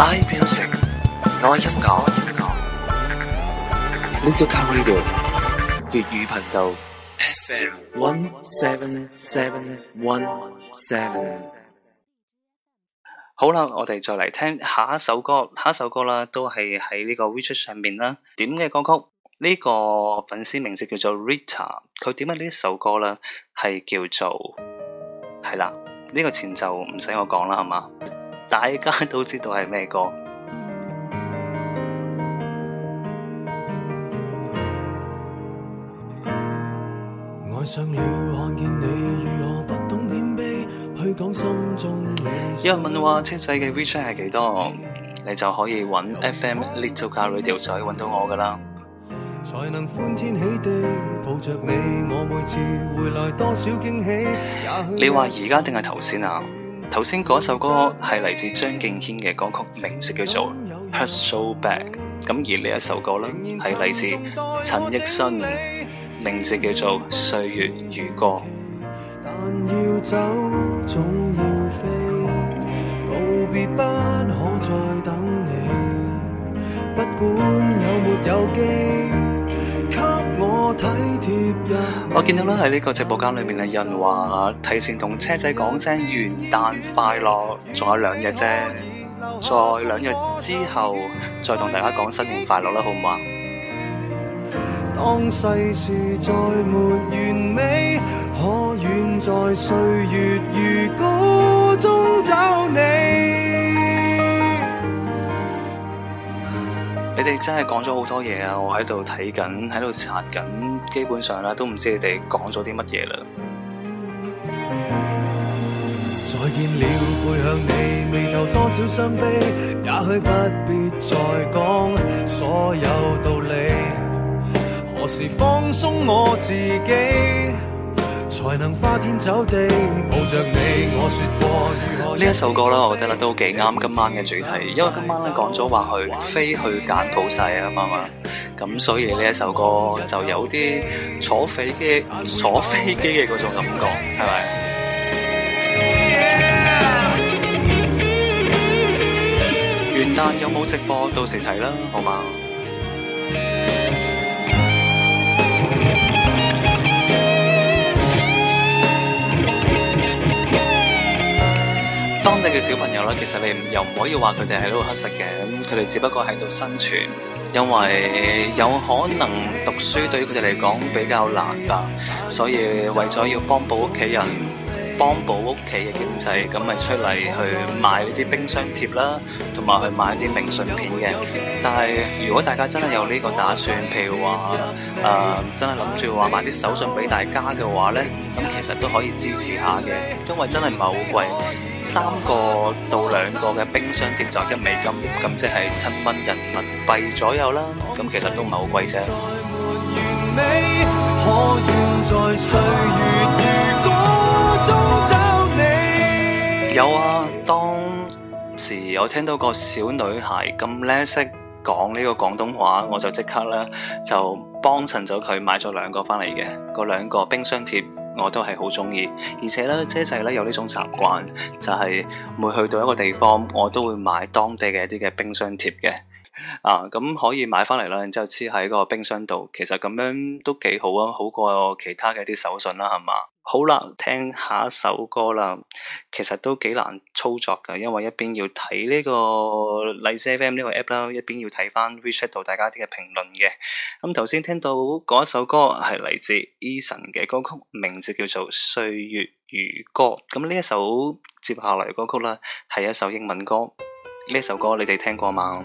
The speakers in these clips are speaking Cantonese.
I 標聲，我音角，你做卡 radio 粵語頻道。One seven seven one seven。好啦，我哋再嚟聽下一首歌，下一首歌啦，都係喺呢個 WeChat 上面啦。點嘅歌曲呢、呢個粉絲名字叫做 Rita，佢點解呢一首歌呢啦，係叫做係啦。呢個前奏唔使我講啦，係嘛？大家都知道係咩歌？有人問話車仔嘅 WeChat 係幾多，嗯、你就可以揾 FM Little Car Radio 仔揾到我㗎喇。才能歡天喜地抱着你，你話而家定係頭先啊？頭先嗰首歌係嚟自張敬軒嘅歌曲，名字叫做《Hurt So Bad》。咁而呢一首歌啦，係嚟自陳奕迅，名字叫做《歲月如歌》。我見到咧，喺呢個直播間裏面嘅人話，提前同車仔講聲元旦快樂，仲有兩日啫，再兩日之後再同大家講新年快樂啦，好唔好啊？當世事再沒完美，可遠在歲月如歌中找你。你哋真係講咗好多嘢啊！我喺度睇緊，喺度查緊，基本上咧都唔知你哋講咗啲乜嘢啦。再見了，背向你，未逃多少傷悲，也許不必再講所有道理。何時放鬆我自己？才能花天酒地，抱着你。我說過呢一首歌啦，我覺得啦都幾啱今晚嘅主題，因為今晚咧講咗話去飛去柬埔寨啊嘛嘛，咁所以呢一首歌就有啲坐飛機坐飛機嘅嗰種感覺，係咪？元旦有冇直播？到時睇啦，好嘛。呢啲小朋友咧，其實你又唔可以話佢哋喺度乞食嘅，佢哋只不過喺度生存，因為有可能讀書對於佢哋嚟講比較難㗎，所以為咗要幫補屋企人。幫補屋企嘅經濟，咁咪出嚟去買啲冰箱貼啦，同埋去買啲明信片嘅。但係如果大家真係有呢個打算，譬如話誒、呃、真係諗住買啲手信俾大家嘅話呢，咁其實都可以支持下嘅，因為真係唔係好貴，三個到兩個嘅冰箱貼就一美金，咁即係七蚊人民幣左右啦。咁其實都唔係好貴啫。 有啊，當時我聽到個小女孩咁叻識講呢個廣東話，我就即刻咧就幫襯咗佢買咗兩個翻嚟嘅。嗰兩個冰箱貼我都係好中意，而且咧，姐仔咧有呢種習慣，就係、是、每去到一個地方，我都會買當地嘅一啲嘅冰箱貼嘅。啊，咁可以買翻嚟啦，然之後黐喺個冰箱度，其實咁樣都幾好啊，好過其他嘅啲手信啦，係嘛？好啦，聽下一首歌啦，其實都幾難操作噶，因為一邊要睇呢個荔枝 FM 呢個 app 啦，一邊要睇翻 WeChat 度大家啲嘅評論嘅。咁頭先聽到嗰一首歌係嚟自 Eason 嘅歌曲，名字叫做《歲月如歌》。咁呢一首接下來嘅歌曲啦，係一首英文歌。呢首歌你哋聽過嘛？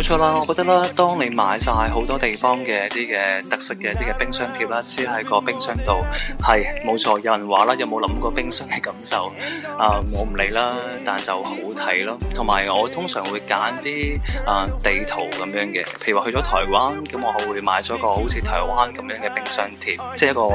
冇錯啦，我覺得啦，當你買晒好多地方嘅一啲嘅特色嘅一啲嘅冰箱貼啦，黐喺個冰箱度，係冇錯。有人話啦，有冇諗過冰箱嘅感受啊？呃，我唔理啦，但就好睇咯。同埋我通常會揀啲啊地圖咁樣嘅，譬如話去咗台灣，咁我會買咗個好似台灣咁樣嘅冰箱貼，即係一個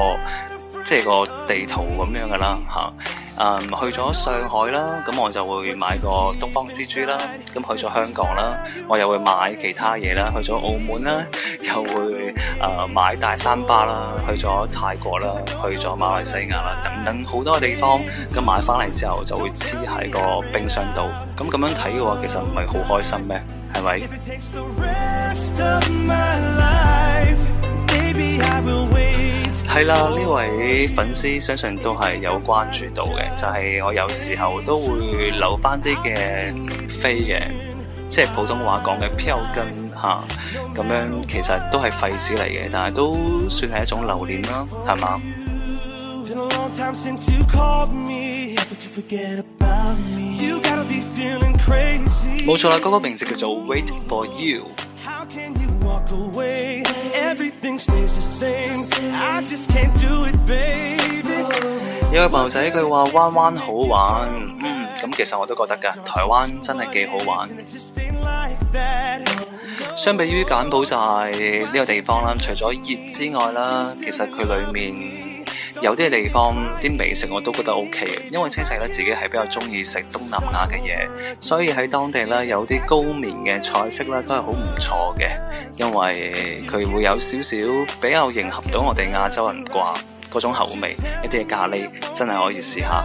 即係個地圖咁樣噶啦嚇。啊 Um, 去咗上海啦，咁我就會買個東方之珠啦；咁去咗香港啦，我又會買其他嘢啦；去咗澳門啦，又會啊、呃、買大三巴啦；去咗泰國啦，去咗馬來西亞啦，等等好多地方咁買翻嚟之後就會黐喺個冰箱度。咁咁樣睇嘅話，其實唔係好開心咩？係咪？係啦，呢位粉絲相信都係有關注到嘅，就係、是、我有時候都會留翻啲嘅飛嘅，即係普通話講嘅票根。吓、啊，咁樣其實都係廢紙嚟嘅，但係都算係一種留念啦，係嘛？冇錯啦，歌、那、曲、個、名字叫做《Wait for You》。有位朋友仔佢話灣灣好玩，嗯，咁其實我都覺得㗎，台灣真係幾好玩。相比於柬埔寨呢個地方啦，除咗熱之外啦，其實佢裏面。有啲地方啲美食我都覺得 OK，因為清食咧自己係比較中意食東南亞嘅嘢，所以喺當地咧有啲高棉嘅菜式咧都係好唔錯嘅，因為佢會有少少比較迎合到我哋亞洲人啩嗰種口味一啲嘅咖喱真係可以試下。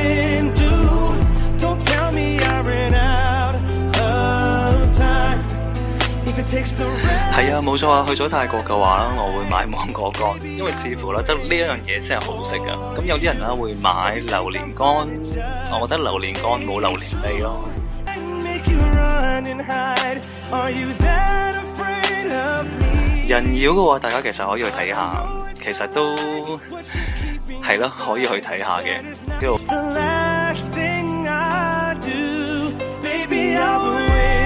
So 係啊，冇錯啊，去咗泰國嘅話啦，我會買芒果乾，因為似乎咧得呢一樣嘢先係好食噶。咁有啲人啦會買榴蓮乾，我覺得榴蓮乾冇榴蓮味咯。人妖嘅話，大家其實可以去睇下，其實都係咯，可以去睇下嘅。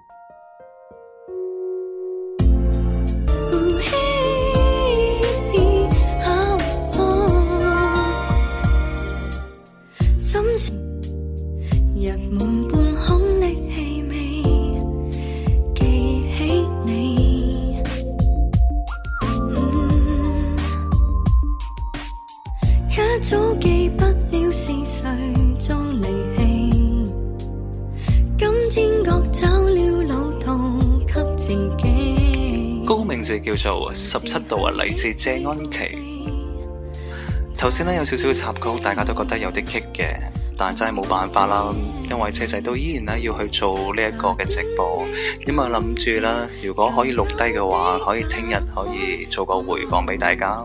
門半空的氣味記起你，嗯、一早不了誰離，今天自己。歌名字叫做《十七度》，嚟、啊、自謝安琪。頭先呢有少少插曲，大家都覺得有啲棘嘅。但真係冇辦法啦，因為車仔都依然咧，要去做呢一個嘅直播，因為諗住啦，如果可以錄低嘅話，可以聽日可以做個回放俾大家。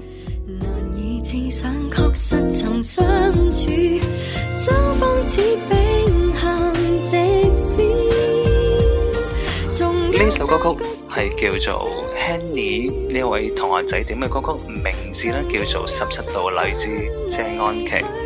呢 首歌曲係叫做 Henny 呢位同學仔點嘅歌曲，名字咧叫做《十七度荔枝》，謝安琪。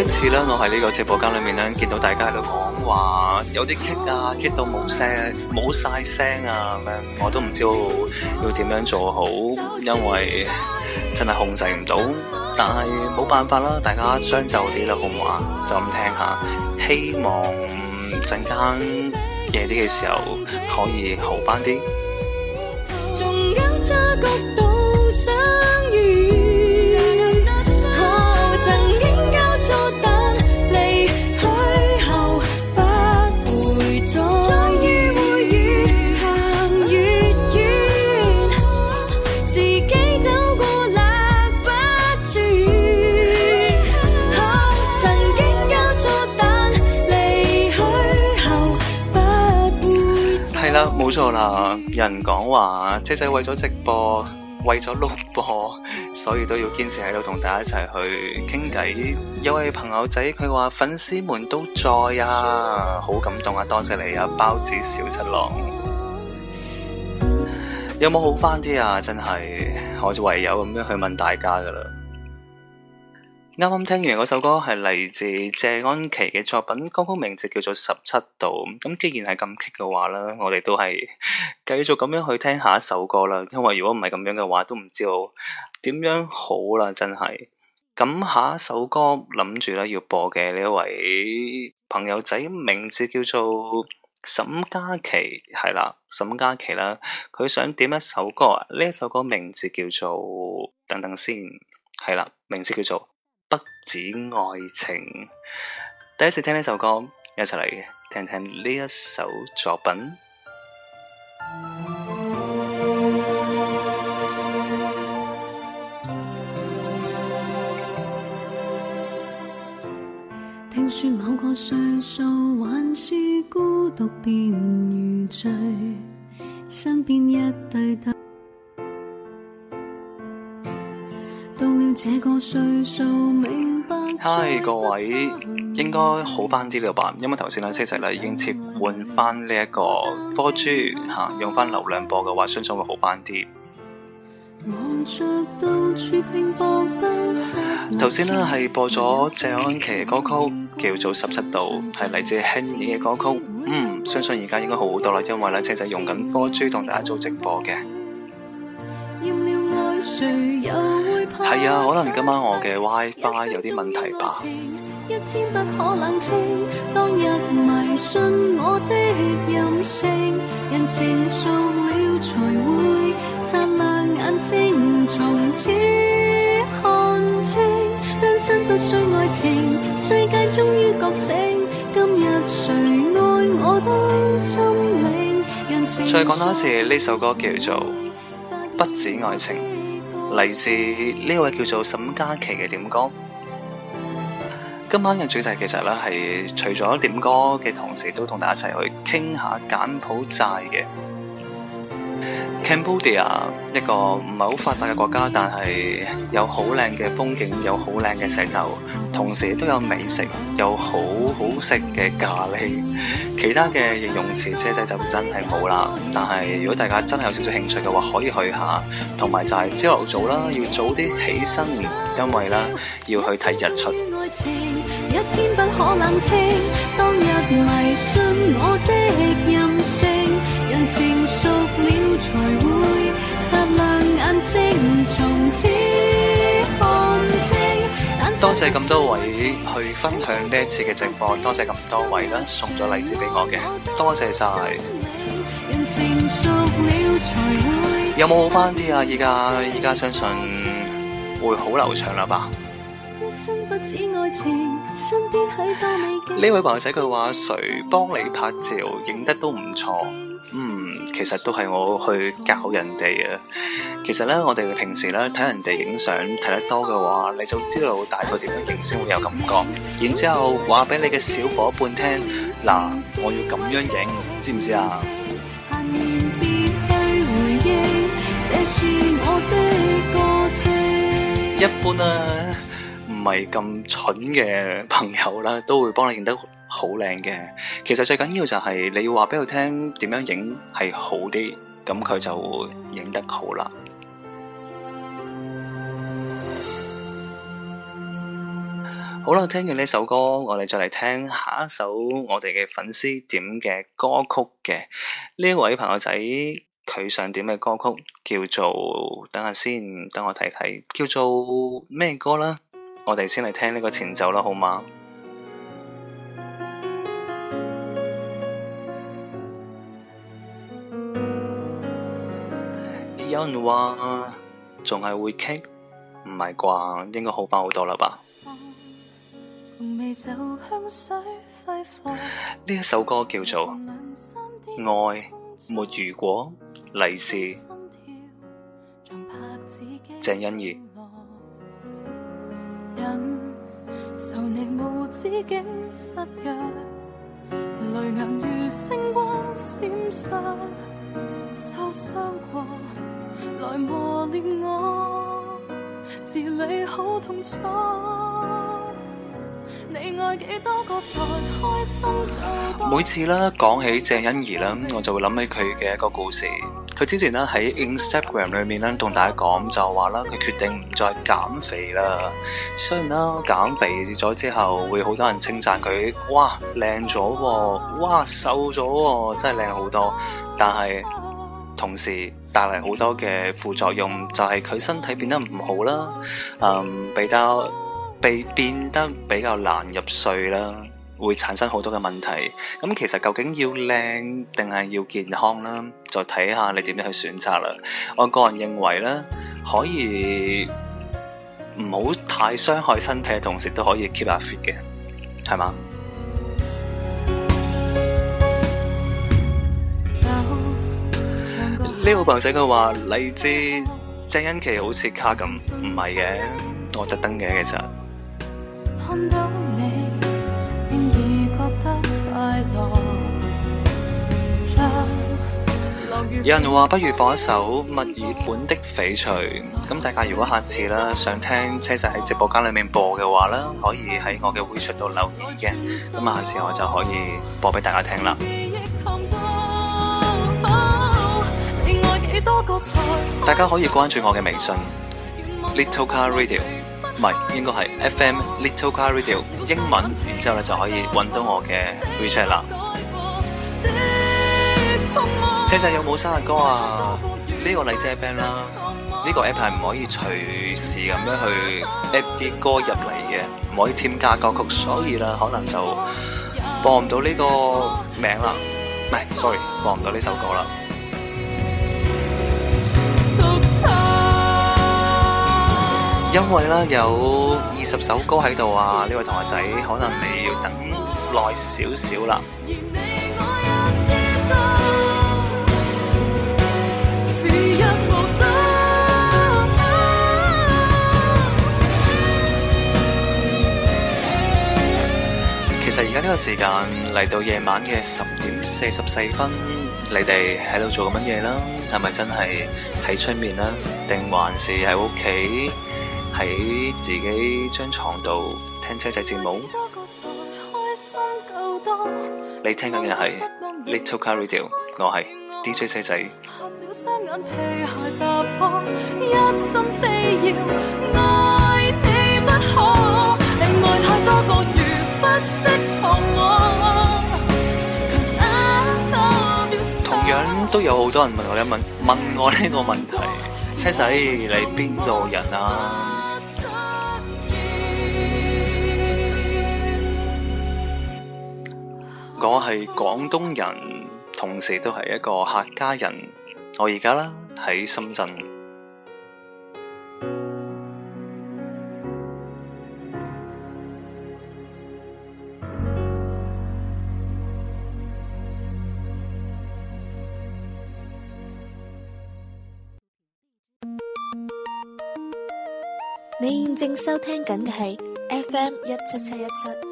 一次咧，我喺呢個直播間裏面咧，見到大家喺度講話，有啲棘啊，棘到冇聲，冇晒聲啊咁樣，我都唔知要點樣做好，因為真係控制唔到，但係冇辦法啦，大家將就啲啦，好唔好啊？就咁聽下，希望陣間夜啲嘅時候可以好翻啲。冇錯啦，有人講話，姐仔為咗直播，為咗錄播，所以都要堅持喺度同大家一齊去傾偈。有位朋友仔，佢話粉絲們都在啊，好感動啊，多謝你啊，包子小七郎。有冇好翻啲啊？真係，我就唯有咁樣去問大家噶啦。啱啱聽完嗰首歌係嚟自謝安琪嘅作品，歌曲名字叫做《十七度》。咁既然係咁激嘅話咧，我哋都係繼續咁樣去聽下一首歌啦。因為如果唔係咁樣嘅話，都唔知道點樣好啦，真係。咁下一首歌諗住咧要播嘅呢位朋友仔名字叫做沈嘉琪，係啦，沈嘉琪啦。佢想點一首歌啊？呢一首歌名字叫做等等先，係啦，名字叫做。不止愛情，第一次聽呢首歌，一齊嚟聽聽呢一首作品。聽說某個歲數，還是孤獨便如醉，身邊一對對。嗨，Hi, 各位應該好翻啲了吧？因為頭先呢，車仔呢已經切換翻呢一個 4G 吓、啊，用翻流量播嘅話，相信會好翻啲。頭先、嗯、呢，係播咗謝安琪嘅歌曲，叫做《十七度》，係嚟自輕嘅歌曲。嗯，相信而家應該好好多啦，因為呢，車仔用緊 4G 同大家做直播嘅。係啊，可能今晚我嘅 WiFi 有啲問題吧。一天不可冷清，當日迷信我嘅任性。人成熟了才會擦亮眼睛，從此看清。單身不需愛情，世界終於覺醒。今日誰愛我都心領。再講多一次，呢首歌叫做《不止愛情》。嚟自呢位叫做沈嘉琪嘅點歌，今晚嘅主題其實呢，係除咗點歌嘅同時，都同大家一齊去傾下柬埔寨嘅。柬埔寨一個唔係好發達嘅國家，但係有好靚嘅風景，有好靚嘅石頭，同時都有美食，有好好食嘅咖喱。其他嘅形容詞車仔就真係冇啦。但係如果大家真係有少少興趣嘅話，可以去下。同埋就係朝頭早啦，要早啲起身，因為啦，要去睇日出。多謝咁多位去分享呢一次嘅直播，多謝咁多位咧送咗例子俾我嘅，我多謝晒。有冇好返啲啊？依家依家相信會好流暢啦吧？呢位朋友仔，佢話：誰幫你拍照，影得都唔錯。嗯，其實都係我去教人哋啊。其實咧，我哋平時咧睇人哋影相睇得多嘅話，你就知道大概點樣影先會有感覺。然之後話俾你嘅小伙伴聽，嗱，我要咁樣影，知唔知啊？嗯，一般啊，唔係咁蠢嘅朋友啦、啊，都會幫你影得。好靚嘅，其實最緊要就係你要話俾佢聽點樣影係好啲，咁佢就會影得好啦。 好啦，聽完呢首歌，我哋再嚟聽下一首我哋嘅粉絲點嘅歌曲嘅。呢位朋友仔佢想點嘅歌曲叫做，等下先，等我睇睇叫做咩歌啦。我哋先嚟聽呢個前奏啦，好嗎？有人話仲係會傾，唔係啩？應該好翻好多啦吧。呢一首歌叫做《愛沒如果》，黎氏鄭欣宜。來磨練我，治理好痛楚。你愛幾多個才開心？每次啦，講起鄭欣宜啦，我就會諗起佢嘅一個故事。佢之前咧喺 Instagram 裏面咧同大家講，就話啦，佢決定唔再減肥啦。雖然啦，減肥咗之後會好多人稱讚佢，哇，靚咗喎，哇，瘦咗喎，真係靚好多。但係同時，帶嚟好多嘅副作用，就係佢身體變得唔好啦，嗯，比較被變得比較難入睡啦，會產生好多嘅問題。咁其實究竟要靚定係要健康啦，就睇下你點樣去選擇啦。我個人認為咧，可以唔好太傷害身體嘅同時，都可以 keep 下 fit 嘅，係嘛？啲朋友仔佢話：荔枝、鄭恩琪好似卡咁，唔係嘅，我特登嘅其實。 有人話 不如放一首《墨爾 本的翡翠》。咁大家如果下次啦 想聽車仔喺直播間裏面播嘅話啦，可以喺我嘅 WeChat 度留言嘅。咁下次我就可以播俾大家聽啦。大家可以關注我嘅微信 Little Car Radio，唔係應該係 FM Little Car Radio 英文，然之後咧就可以搵到我嘅 WeChat 啦。姐姐 有冇生日歌啊？呢、這個麗姐 band 啦，呢、這個 app 係唔可以隨時咁樣去 app 啲歌入嚟嘅，唔可以添加歌曲，所以啦，可能就播唔到呢個名啦，唔、哎、係，sorry，播唔到呢首歌啦。因為咧有二十首歌喺度啊，呢 位同學仔可能你要等耐少少啦。 其實而家呢個時間嚟到夜晚嘅十點四十四分，你哋喺度做緊乜嘢咧？係咪真係喺出面咧？定還是喺屋企？喺自己張床度聽車仔節目，多個你聽緊嘅係 Little Car Radio，我係 DJ 車仔。同樣都有好多人問我一問問我呢個問題，車仔你邊度人啊？我係廣東人，同時都係一個客家人。我而家啦喺深圳。 你現正收聽緊嘅係 FM 一七七一七。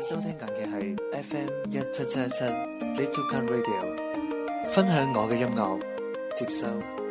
收聽緊嘅係 FM 一七七七 Little Can Radio，分享我嘅音樂，接受。